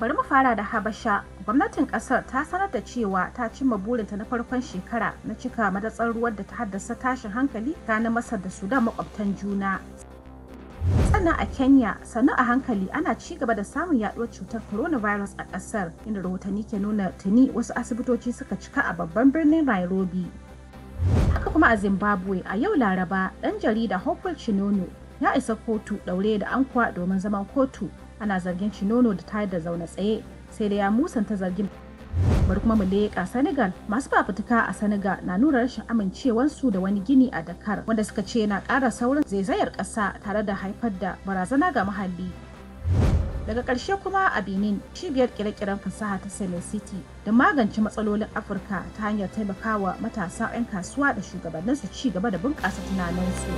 bari mu fara da habasha gwamnatin kasar ta sanar da cewa ta cimma burinta na farkon shekara na cika madatsar ruwan da ta haddasa tashin hankali na masar da sudan makwabtan juna sannan a kenya sannu a hankali ana ci gaba da samun yaduwar cutar coronavirus a kasar inda rahotanni ke nuna tuni wasu asibitoci suka cika a babban birnin nairobi haka kuma a zimbabwe a yau laraba dan jarida hopeful chinono ya isa kotu daure da ankwa domin zaman kotu ana zargin Chinono da tayar da zaune tsaye sai da ya musanta zargin bari kuma mu leƙa Senegal masu fafutuka a Senegal na nuna rashin su da wani gini a Dakar wanda suka ce na ƙara saurin zaizayar ƙasa tare da haifar da barazana ga muhalli daga ƙarshe kuma a benin cibiyar ƙire kiren fasaha ta Senegal city da magance matsalolin afirka ta hanyar taimakawa matasa 'yan kasuwa da shugabanninsu ci gaba da bunƙasa tunaninsu